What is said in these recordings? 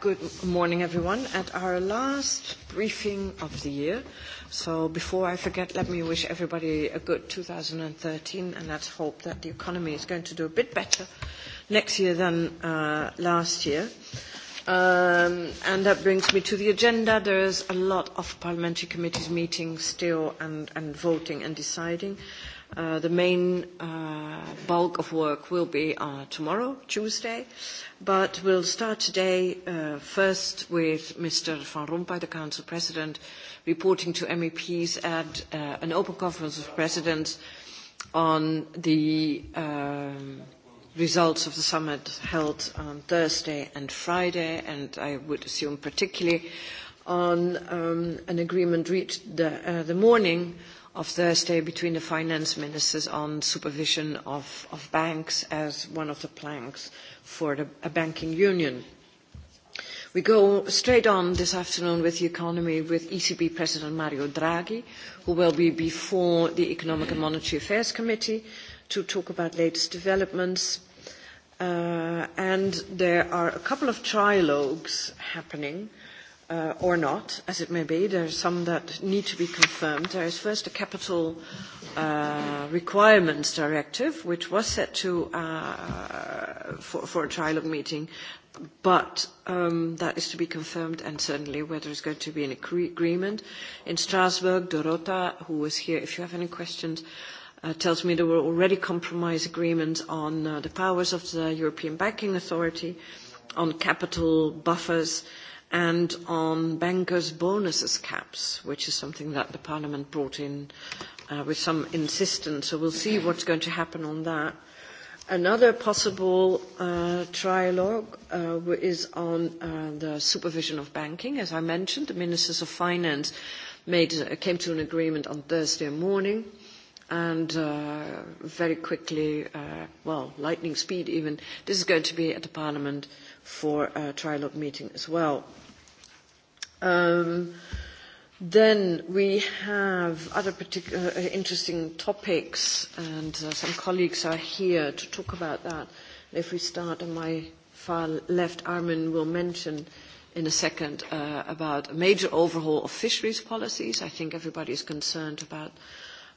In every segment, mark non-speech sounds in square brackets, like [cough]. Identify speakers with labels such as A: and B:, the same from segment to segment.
A: Good morning, everyone. At our last briefing of the year, so before I forget, let me wish everybody a good 2013, and let's hope that the economy is going to do a bit better next year than uh, last year. Um, and that brings me to the agenda. There is a lot of parliamentary committees meeting still and, and voting and deciding. Uh, the main uh, bulk of work will be uh, tomorrow, Tuesday, but we'll start today uh, first with Mr. Van Rompuy, the Council President, reporting to MEPs at uh, an open conference of presidents on the um, results of the summit held on Thursday and Friday, and I would assume particularly on um, an agreement reached the, uh, the morning of Thursday between the finance ministers on supervision of, of banks as one of the planks for the, a banking union. We go straight on this afternoon with the economy with ECB President Mario Draghi, who will be before the Economic and Monetary Affairs Committee to talk about latest developments. Uh, and there are a couple of trilogues happening uh, or not, as it may be. There are some that need to be confirmed. There is first a capital uh, requirements directive, which was set to uh, for, for a trilogue meeting, but um, that is to be confirmed, and certainly whether there's going to be an agreement. In Strasbourg, Dorota, who was here, if you have any questions, uh, tells me there were already compromise agreements on uh, the powers of the European Banking Authority, on capital buffers, uh, and on bankers' bonuses caps, which is something that the Parliament brought in uh, with some insistence. So we'll see what's going to happen on that. Another possible uh, trialogue uh, is on uh, the supervision of banking. As I mentioned, the Ministers of Finance made, uh, came to an agreement on Thursday morning and uh, very quickly, uh, well, lightning speed even, this is going to be at the Parliament for a trilogue meeting as well. Um, then we have other particular uh, interesting topics, and uh, some colleagues are here to talk about that. If we start on my far left, Armin will mention in a second uh, about a major overhaul of fisheries policies. I think everybody is concerned about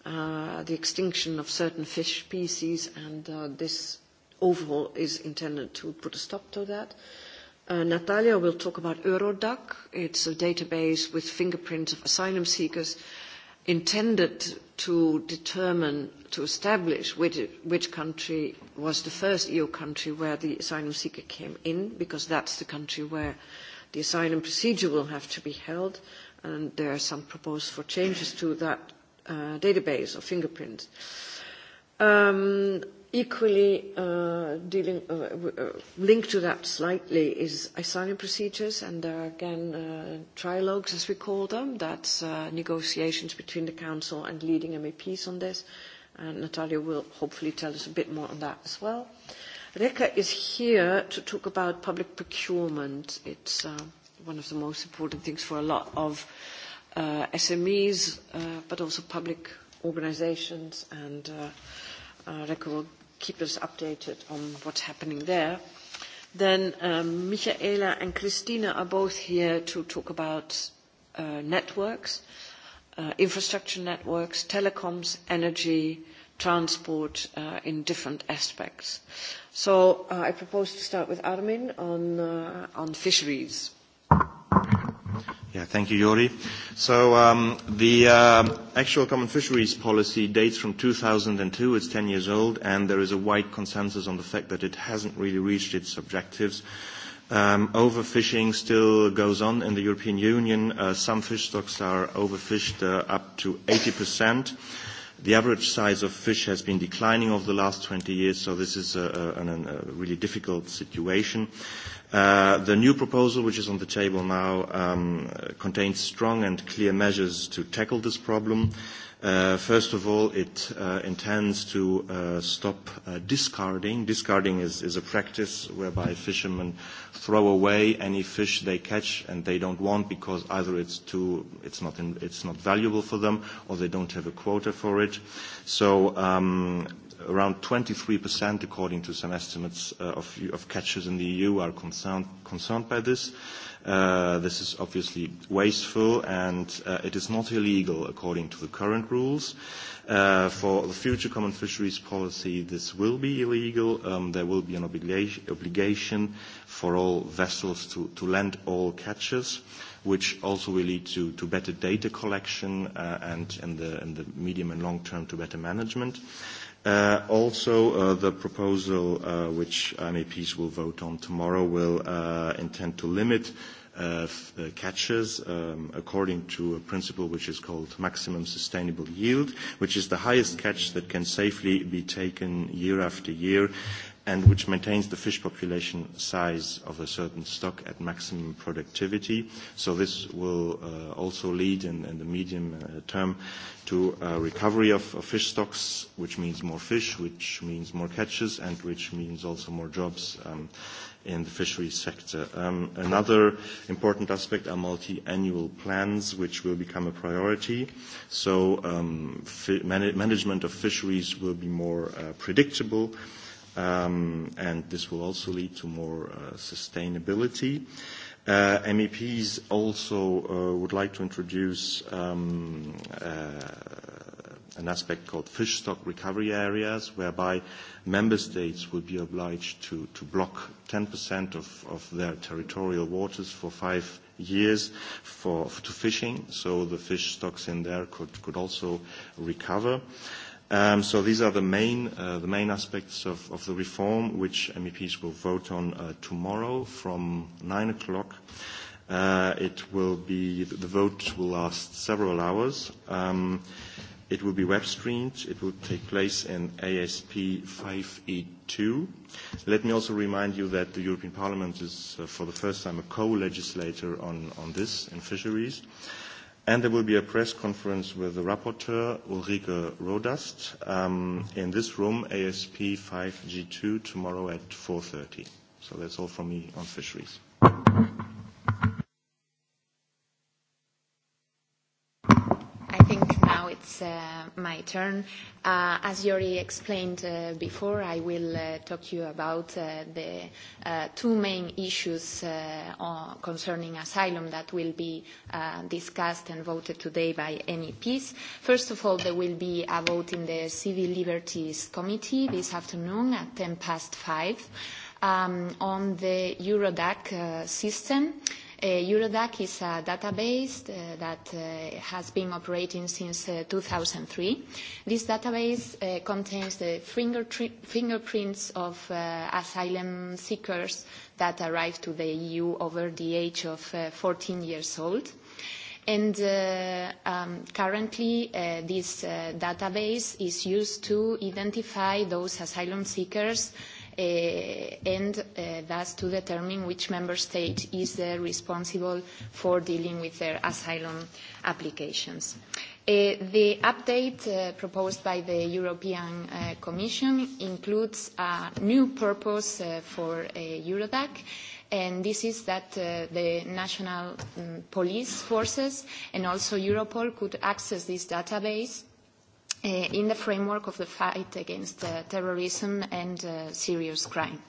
A: uh, the extinction of certain fish species, and uh, this overhaul is intended to put a stop to that. Uh, Uh, Natalia will talk about Eurodac. It's a database with fingerprints of asylum seekers intended to determine, to establish which, which country was the first EU country where the asylum seeker came in, because that's the country where the asylum procedure will have to be held. And there are some proposals for changes to that uh, database of fingerprints. Um, Equally, uh, dealing, uh, uh, linked to that slightly is asylum procedures, and there are again uh, trilogues, as we call them. That's uh, negotiations between the Council and leading MEPs on this. And Natalia will hopefully tell us a bit more on that as well. Reka is here to talk about public procurement. It's uh, one of the most important things for a lot of uh, SMEs, uh, but also public organizations and uh, Uh, Reka will keep us updated on what's happening there. Then um, Michaela and Christina are both here to talk about uh, networks, uh, infrastructure networks, telecoms, energy, transport uh, in different aspects. So uh, I propose to start with Armin on, uh, on fisheries.
B: Yeah, thank you, Jori. So um, the uh, actual common fisheries policy dates from 2002. It's 10 years old, and there is a wide consensus on the fact that it hasn't really reached its objectives. Um, overfishing still goes on in the European Union. Uh, some fish stocks are overfished uh, up to 80%. The average size of fish has been declining over the last 20 years, so this is a, a, a, a really difficult situation. Uh, the new proposal, which is on the table now, um, contains strong and clear measures to tackle this problem. Uh, first of all, it uh, intends to uh, stop uh, discarding. Discarding is, is a practice whereby fishermen throw away any fish they catch and they don't want because either it's, too, it's, not, in, it's not valuable for them or they don't have a quota for it. So um, around 23%, according to some estimates uh, of, of catches in the EU, are concerned, concerned by this. Uh, this is obviously wasteful and uh, it is not illegal according to the current rules. Uh, for the future common fisheries policy, this will be illegal. Um, there will be an obligation, obligation for all vessels to, to land all catches which also will lead to, to better data collection uh, and in the, in the medium and long term to better management. Uh, Uh, also, uh, the proposal uh, which MEPs will vote on tomorrow will uh, intend to limit uh, f- uh, catches um, according to a principle which is called maximum sustainable yield, which is the highest catch that can safely be taken year after year and which maintains the fish population size of a certain stock at maximum productivity. So this will uh, also lead in, in the medium uh, term to a uh, recovery of, of fish stocks, which means more fish, which means more catches, and which means also more jobs um, in the fisheries sector. Um, another important aspect are multi-annual plans, which will become a priority. So um, fi- man- management of fisheries will be more uh, predictable um, and this will also lead to more uh, sustainability. Uh, MEPs also uh, would like to introduce um, uh, an aspect called fish stock recovery areas, whereby member states would be obliged to, to block 10% of, of their territorial waters for five years for, to fishing, so the fish stocks in there could, could also recover. Uh, Um, so these are the main, uh, the main aspects of, of the reform which MEPs will vote on uh, tomorrow from 9 o'clock. Uh, it will be, the vote will last several hours. Um, it will be web streamed. It will take place in ASP 5E2. E Let me also remind you that the European Parliament is, uh, for the first time, a co-legislator on, on this in fisheries. Uh, And there will be a press conference with the rapporteur, Ulrike Rodast, um, in this room, ASP 5G2, tomorrow at 4.30. So that's all from me on fisheries.
C: uh, my turn. Uh, as Yuri explained uh, before, I will uh, talk to you about uh, the uh, two main issues uh, on, concerning asylum that will be uh, discussed and voted today by MEPs. First of all, there will be a vote in the Civil Liberties Committee this afternoon at 10 past 5 um, on the Eurodac uh, system Uh, Eurodac is a database uh, that uh, has been operating since uh, 2003. This database uh, contains the finger fingerprints of uh, asylum seekers that arrived to the EU over the age of uh, 14 years old. And uh, um, currently, uh, this uh, database is used to identify those asylum seekers uh, and uh, thus to determine which member state is uh, responsible for dealing with their asylum applications. Uh, the update uh, proposed by the European uh, Commission includes a new purpose uh, for uh, Eurodac, and this is that uh, the national um, police forces and also Europol could access this database Uh, in the framework of the fight against uh, terrorism and uh, serious crime.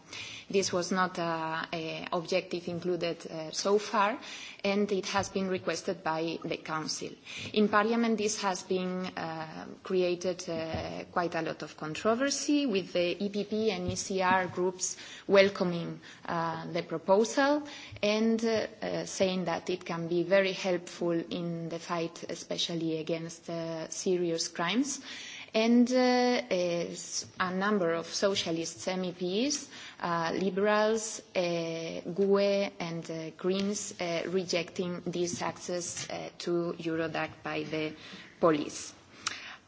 C: This was not uh, an objective included uh, so far, and it has been requested by the Council. In Parliament, this has been uh, created uh, quite a lot of controversy, with the EPP and ECR groups welcoming uh, the proposal and uh, uh, saying that it can be very helpful in the fight, especially against uh, serious crimes. Uh, and uh, a number of socialist MEPs, uh, liberals, uh, GUE and uh, Greens uh, rejecting this access uh, to Eurodac by the police.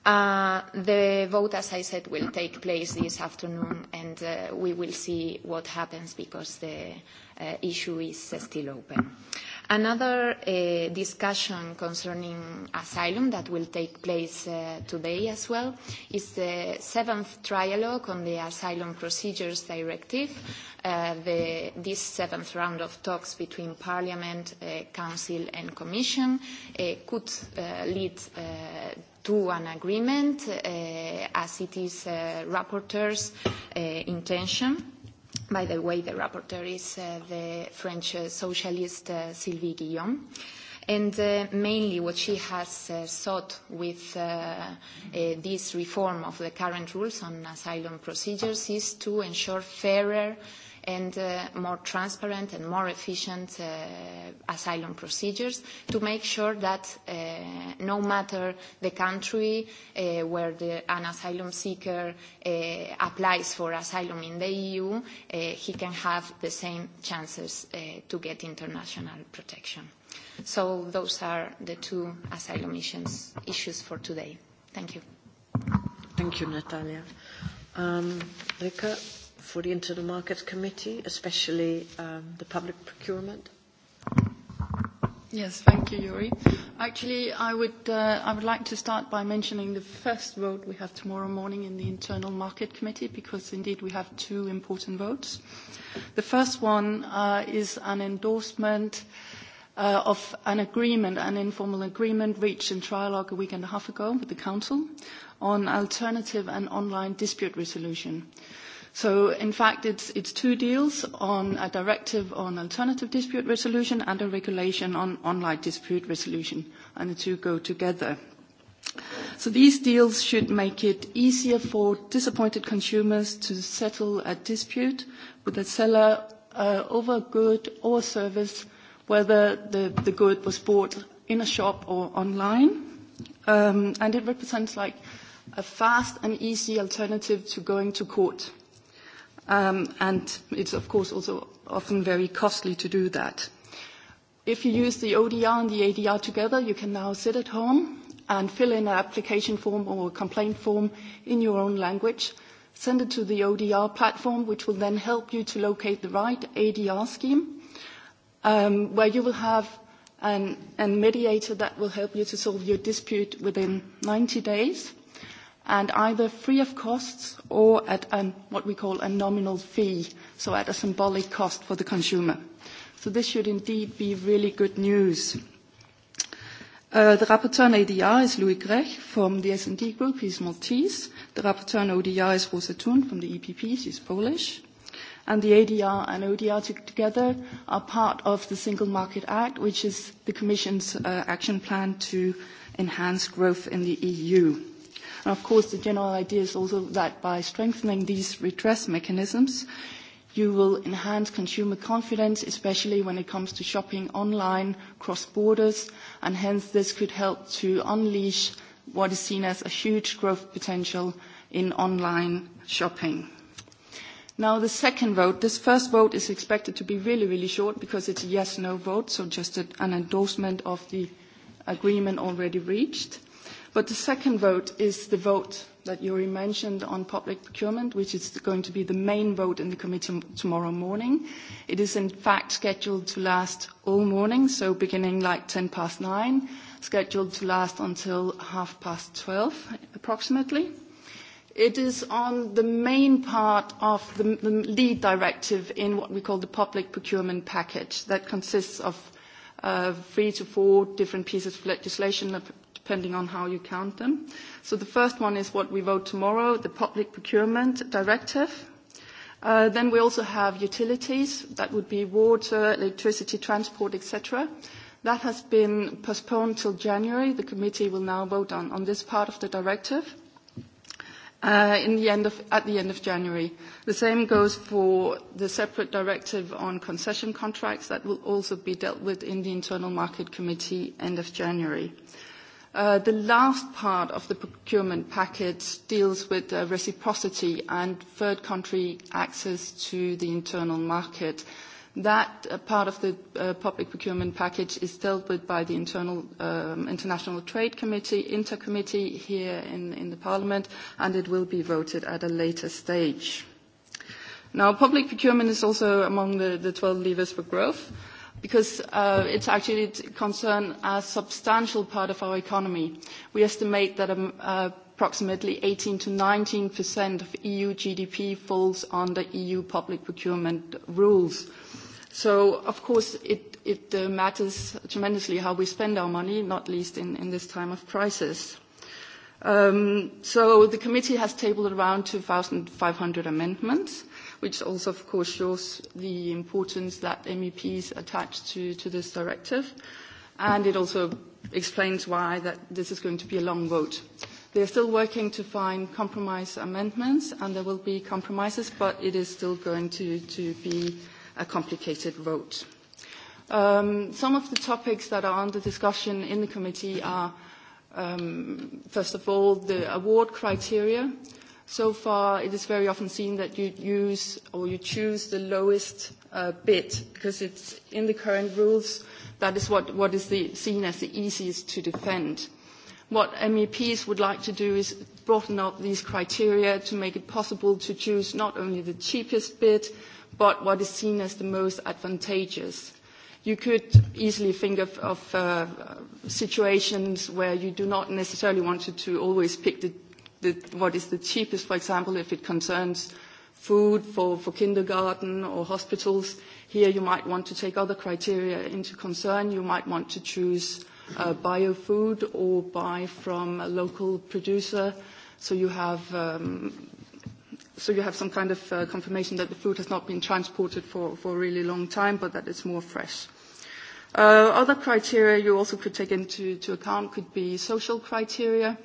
C: Uh, the vote, as I said, will take place this afternoon, and uh, we will see what happens because the uh, issue is uh, still open. Uh, Another uh, discussion concerning asylum that will take place uh, today as well is the seventh trialogue on the Asylum Procedures Directive, uh, the, this seventh round of talks between Parliament, uh, Council and Commission uh, could uh, lead uh, to an agreement uh, as it is uh, rapporteur's uh, intention. By the way, the rapporteur is uh, the French uh, socialist uh, Sylvie Guillaume. And uh, mainly what she has uh, sought with uh, uh, this reform of the current rules on asylum procedures is to ensure fairer and uh, more transparent and more efficient uh, asylum procedures to make sure that uh, no matter the country where an asylum seeker applies for asylum in the EU, he can have the same chances to get international protection. So those are the two asylum issues, for today. Thank you.
A: Thank you, Natalia. Um, Rika, for the Internal Market Committee, especially um, the public procurement?
D: Yes, thank you, Yuri. Actually, I would, uh, I would like to start by mentioning the first vote we have tomorrow morning in the Internal Market Committee, because indeed we have two important votes. The first one uh, is an endorsement uh, of an agreement, an informal agreement reached in trialogue a week and a half ago with the Council on alternative and online dispute resolution. So in fact, it's, it's two deals on a directive on alternative dispute resolution and a regulation on online dispute resolution, and the two go together. So these deals should make it easier for disappointed consumers to settle a dispute with a seller uh, over a good or service, whether the, the good was bought in a shop or online. Um, and it represents like a fast and easy alternative to going to court. Um, and it's, of course, also often very costly to do that. If you use the ODR and the ADR together, you can now sit at home and fill in an application form or a complaint form in your own language, send it to the ODR platform, which will then help you to locate the right ADR scheme, um, where you will have an, an mediator that will help you to solve your dispute within 90 days and either free of costs or at an, what we call a nominal fee, so at a symbolic cost for the consumer. So this should indeed be really good news. Uh, the rapporteur on ADR is Louis Grech from the S&D Group. He's Maltese. The rapporteur on ODR is Rosa Thun from the EPP. She's Polish. And the ADR and ODR together are part of the Single Market Act, which is the Commission's uh, action plan to enhance growth in the EU. And of course, the general idea is also that by strengthening these redress mechanisms, you will enhance consumer confidence, especially when it comes to shopping online, cross borders, and hence this could help to unleash what is seen as a huge growth potential in online shopping. Now, the second vote, this first vote is expected to be really, really short because it's a yes/no vote, so just an endorsement of the agreement already reached. But the second vote is the vote that Yuri mentioned on public procurement, which is going to be the main vote in the committee tomorrow morning. It is in fact scheduled to last all morning, so beginning like ten past nine, scheduled to last until half past twelve approximately. It is on the main part of the, the lead directive in what we call the public procurement package that consists of uh, three to four different pieces of legislation depending on how you count them. So the first one is what we vote tomorrow, the Public Procurement Directive. Uh, then we also have utilities, that would be water, electricity, transport, etc. That has been postponed till January. The committee will now vote on, on this part of the directive uh, in the end of, at the end of January. The same goes for the separate directive on concession contracts that will also be dealt with in the Internal Market Committee end of January. Uh, Uh, the last part of the procurement package deals with uh, reciprocity and third country access to the internal market. That uh, part of the public procurement package is dealt with by the internal, um, International Trade Committee, Intercommittee here in, in the Parliament, and it will be voted at a later stage. Now, public procurement is also among the, the 12 levers for growth because uh, actually concerns a substantial part of our economy. We estimate that um, uh, approximately 18 to 19 percent of EU GDP falls under EU public procurement rules. So, of course, it, it uh, matters tremendously how we spend our money, not least in, in this time of crisis. Um, so the committee has tabled around 2,500 amendments which also, of course, shows the importance that MEPs attach to, to this directive. And it also explains why that this is going to be a long vote. They are still working to find compromise amendments, and there will be compromises, but it is still going to, to be a complicated vote. Um, some of the topics that are under discussion in the committee are, um, first of all, the award criteria. So far, it is very often seen that you use or you choose the lowest uh, bit because it's in the current rules, that is what, what is the, seen as the easiest to defend. What MEPs would like to do is broaden up these criteria to make it possible to choose not only the cheapest bit, but what is seen as the most advantageous. You could easily think of, of uh, situations where you do not necessarily want to, to always pick the the, what is the cheapest, for example, if it concerns food for, for kindergarten or hospitals. Here you might want to take other criteria into concern. You might want to choose uh, biofood or buy from a local producer so you have, um, so you have some kind of uh, confirmation that the food has not been transported for, for a really long time but that it's more fresh. Uh, other criteria you also could take into to account could be social criteria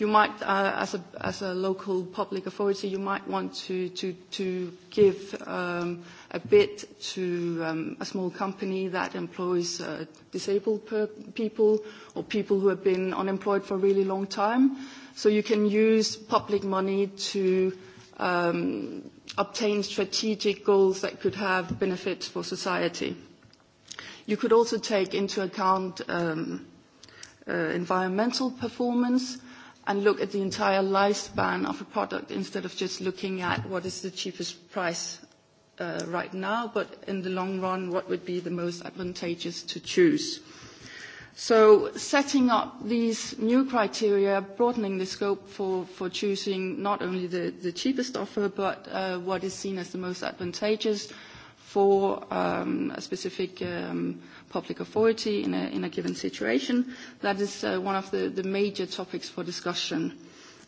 D: you might, uh, as, a, as a local public authority, you might want to, to, to give um, a bid to um, a small company that employs uh, disabled per people or people who have been unemployed for a really long time. So you can use public money to um, obtain strategic goals that could have benefits for society. You could also take into account um, uh, environmental performance and look at the entire lifespan of a product instead of just looking at what is the cheapest price uh, right now, but in the long run, what would be the most advantageous to choose. So setting up these new criteria, broadening the scope for, for choosing not only the, the cheapest offer, but uh, what is seen as the most advantageous, for um, a specific um, public authority in a, in a given situation. That is uh, one of the, the major topics for discussion.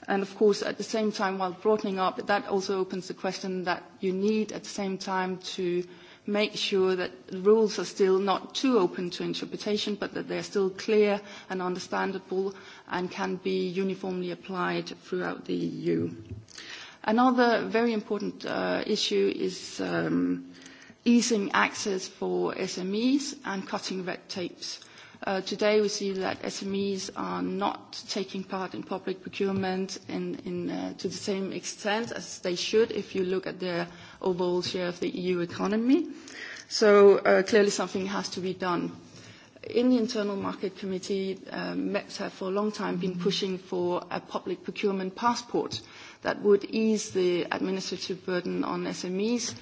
D: And of course, at the same time, while broadening up, that also opens the question that you need at the same time to make sure that the rules are still not too open to interpretation, but that they are still clear and understandable and can be uniformly applied throughout the EU. Another very important uh, issue is um, easing access for SMEs and cutting red tapes. Uh, today we see that SMEs are not taking part in public procurement in, in, uh, to the same extent as they should if you look at their overall share of the EU economy. So uh, clearly something has to be done. In the Internal Market Committee, uh, MEPS have for a long time been pushing for a public procurement passport that would ease the administrative burden on SMEs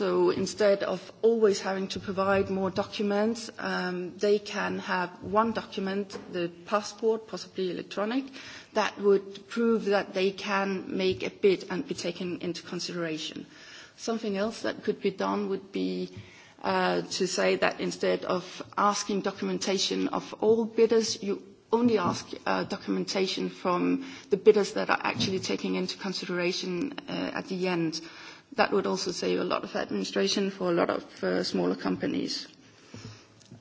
D: so instead of always having to provide more documents, um, they can have one document, the passport, possibly electronic, that would prove that they can make a bid and be taken into consideration. Something else that could be done would be uh, to say that instead of asking documentation of all bidders, you only ask uh, documentation from the bidders that are actually taking into consideration uh, at the end that would also save a lot of administration for a lot of uh, smaller companies.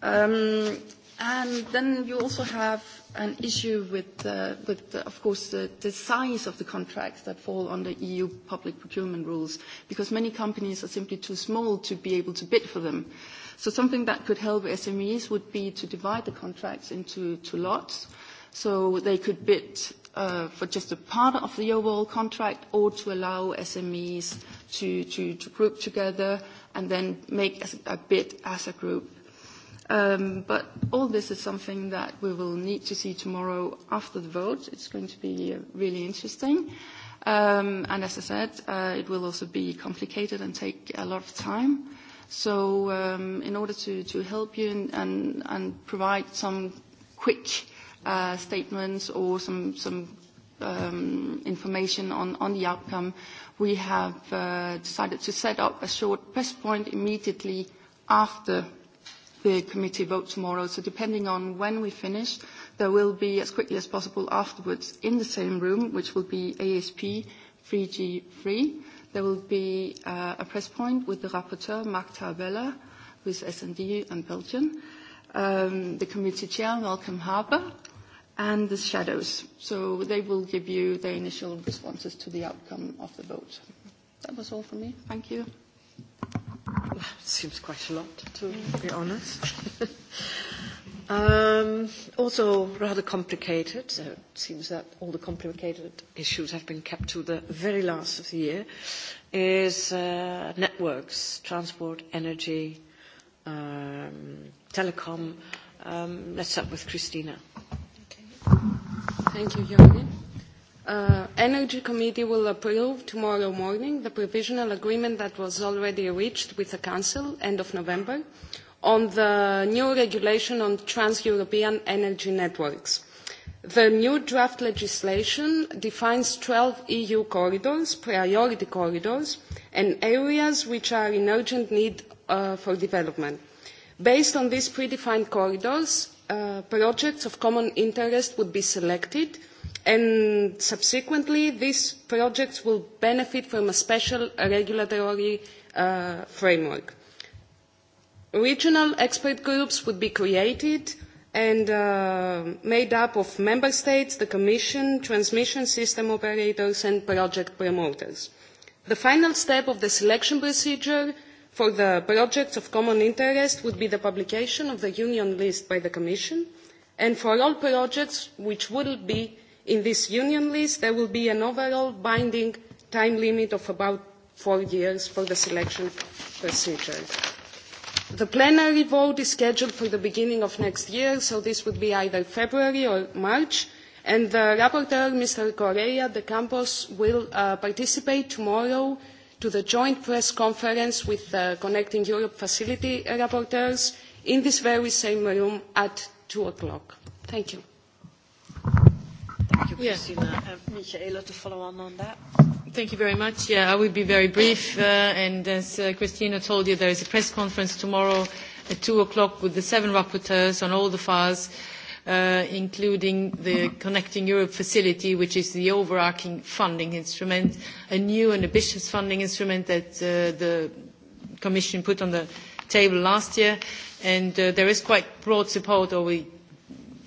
D: Um, and then you also have an issue with, uh, with the uh, of course, the, the size of the contracts that fall under EU public procurement rules, because many companies are simply too small to be able to bid for them. So something that could help SMEs would be to divide the contracts into two lots, so they could bid uh, for just a part of the overall contract or to allow SMEs to, to, to group together and then make a, a bid as a group. Um, but all this is something that we will need to see tomorrow after the vote. It's going to be uh, really interesting. Um, and as I said, uh, it will also be complicated and take a lot of time. So um, in order to, to help you and, and, and provide some quick uh, statements or some, some um, information on, on the outcome, we have uh, decided to set up a short press point immediately after the committee vote tomorrow. So depending on when we finish, there will be, as quickly as possible afterwards, in the same room, which will be ASP 3G3, there will be uh, a press point with the rapporteur, Mark Tarabella, who is S&D and Belgian, um, the committee chair, Malcolm Harper, and the shadows. So they will give you the initial responses to the outcome of the vote. That was all from me. Thank you.
A: That [sighs] seems quite a lot, to be honest. [laughs] um, also rather complicated. So it seems that all the complicated issues have been kept to the very last of the year. Is uh, networks, transport, energy, um, telecom. Um, let's start with Christina.
E: Thank you, Jorgen. Uh, Energy Committee will approve tomorrow morning the provisional agreement that was already reached with the Council end of November on the new regulation on trans-European energy networks. The new draft legislation defines twelve EU corridors, priority corridors, and areas which are in urgent need uh, for development. Based on these predefined corridors, Uh, projects of common interest would be selected and subsequently these projects will benefit from a special regulatory uh, framework. Regional expert groups would be created and uh, made up of member states, the commission, transmission system operators and project promoters. The final step of the selection procedure for the projects of common interest would be the publication of the union list by the commission and for all projects which will be in this union list there will be an overall binding time limit of about four years for the selection procedure. The plenary vote is scheduled for the beginning of next year, so this would be either February or March. And the rapporteur, Mr. Correa de Campos, will uh, participate tomorrow to the joint press conference with the uh, Connecting Europe Facility rapporteurs in this very same room at two o'clock. Thank you.
A: Thank you, Christina. Yeah. Uh, Michaela, to follow on on that.
F: Thank you very much. Yeah, I will be very brief. Uh, and as uh, Christina told you, there is a press conference tomorrow at two o'clock with the seven rapporteurs on all the files uh, including the Connecting Europe facility, which is the overarching funding instrument, a new and ambitious funding instrument that uh, the Commission put on the table last year. And uh, there is quite broad support, or we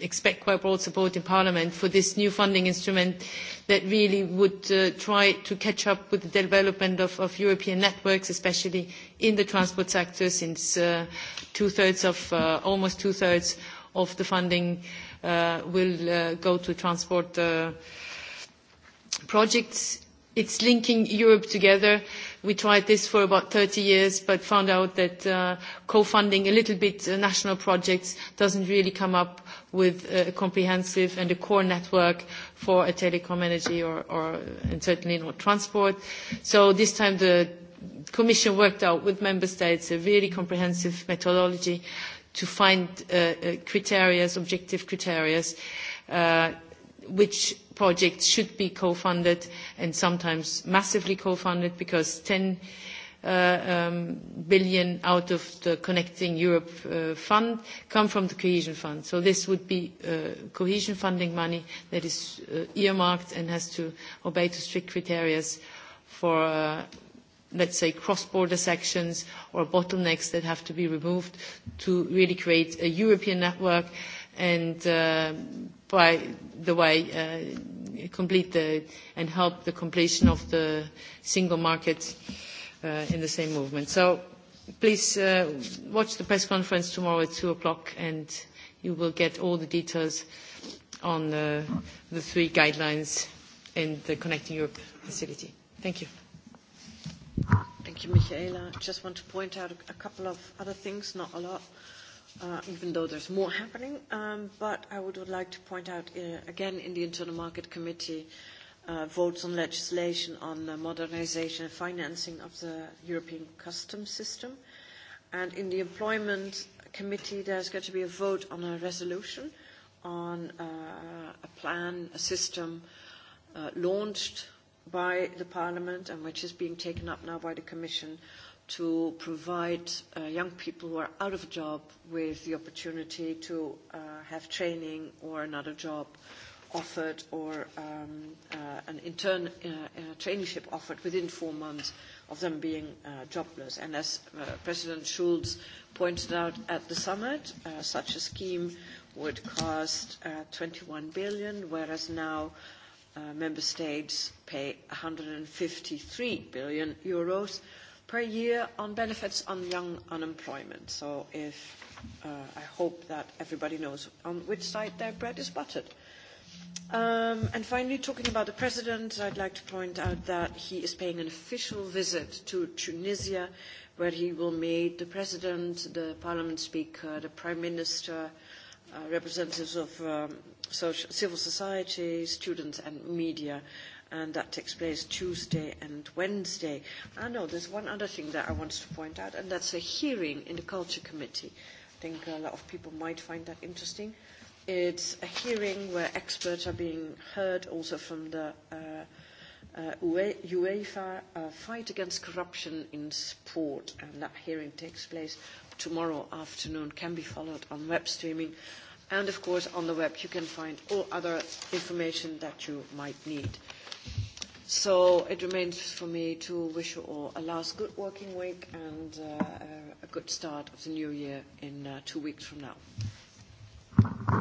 F: expect quite broad support in Parliament for this new funding instrument that really would uh, try to catch up with the development of, of, European networks, especially in the transport sector, since uh, two thirds of, uh, almost two thirds of the funding uh, will uh, go to transport uh, projects. It's linking Europe together. We tried this for about 30 years, but found out that co-funding a little bit national projects doesn't really come up with a comprehensive and a core network for a telecom energy or, or and certainly not transport. So this time the Commission worked out with member states a really comprehensive methodology to find uh, uh, criteria, objective criteria, uh, which projects should be co-funded and sometimes massively co-funded because 10 uh, um, billion out of the Connecting Europe uh, fund come from the cohesion fund. So this would be uh, cohesion funding money that is uh, earmarked and has to obey to strict criteria for uh, let's say, cross-border sections or bottlenecks that have to be removed to really create a European network and, uh, by the way, uh, complete the, and help the completion of the single market uh, in the same movement. So please uh, watch the press conference tomorrow at two o'clock and you will get all the details on the uh, the three guidelines in the Connecting Europe facility.
A: Thank you. Thank you, Michaela. Just want to point out a couple of other things, not a lot, uh, even though there's more happening. Um, but I would, would like to point out uh, again in the Internal Market Committee uh, votes on legislation on the modernization and financing of the European customs system. And in the Employment Committee, there's going to be a vote on a resolution on uh, a plan, a system uh, launched by the Parliament and which is being taken up now by the Commission to provide uh, young people who are out of a job with the opportunity to uh, have training or another job offered or um, uh, an intern uh, uh, traineeship offered within four months of them being uh, jobless. And as uh, President Schulz pointed out at the summit, uh, such a scheme would cost uh, 21 billion, whereas now Uh, member states pay EUR one hundred and fifty three billion euros per year on benefits on young unemployment. So if uh, I hope that everybody knows on which side their bread is buttered. Um, and finally, talking about the president, I'd like to point out that he is paying an official visit to Tunisia, where he will meet the president, the parliament speaker, the prime minister, Uh, representatives of um, social, civil society, students and media. And that takes place Tuesday and Wednesday. I ah, know there's one other thing that I wanted to point out, and that's a hearing in the Culture Committee. I think a lot of people might find that interesting. It's a hearing where experts are being heard also from the uh, uh, UEFA uh, Fight Against Corruption in Sport, and that hearing takes place tomorrow afternoon, can be followed on web streaming. And of course, on the web, you can find all other information that you might need. So it remains for me to wish you all a last good working week and uh, a good start of the new year in uh, two weeks from now.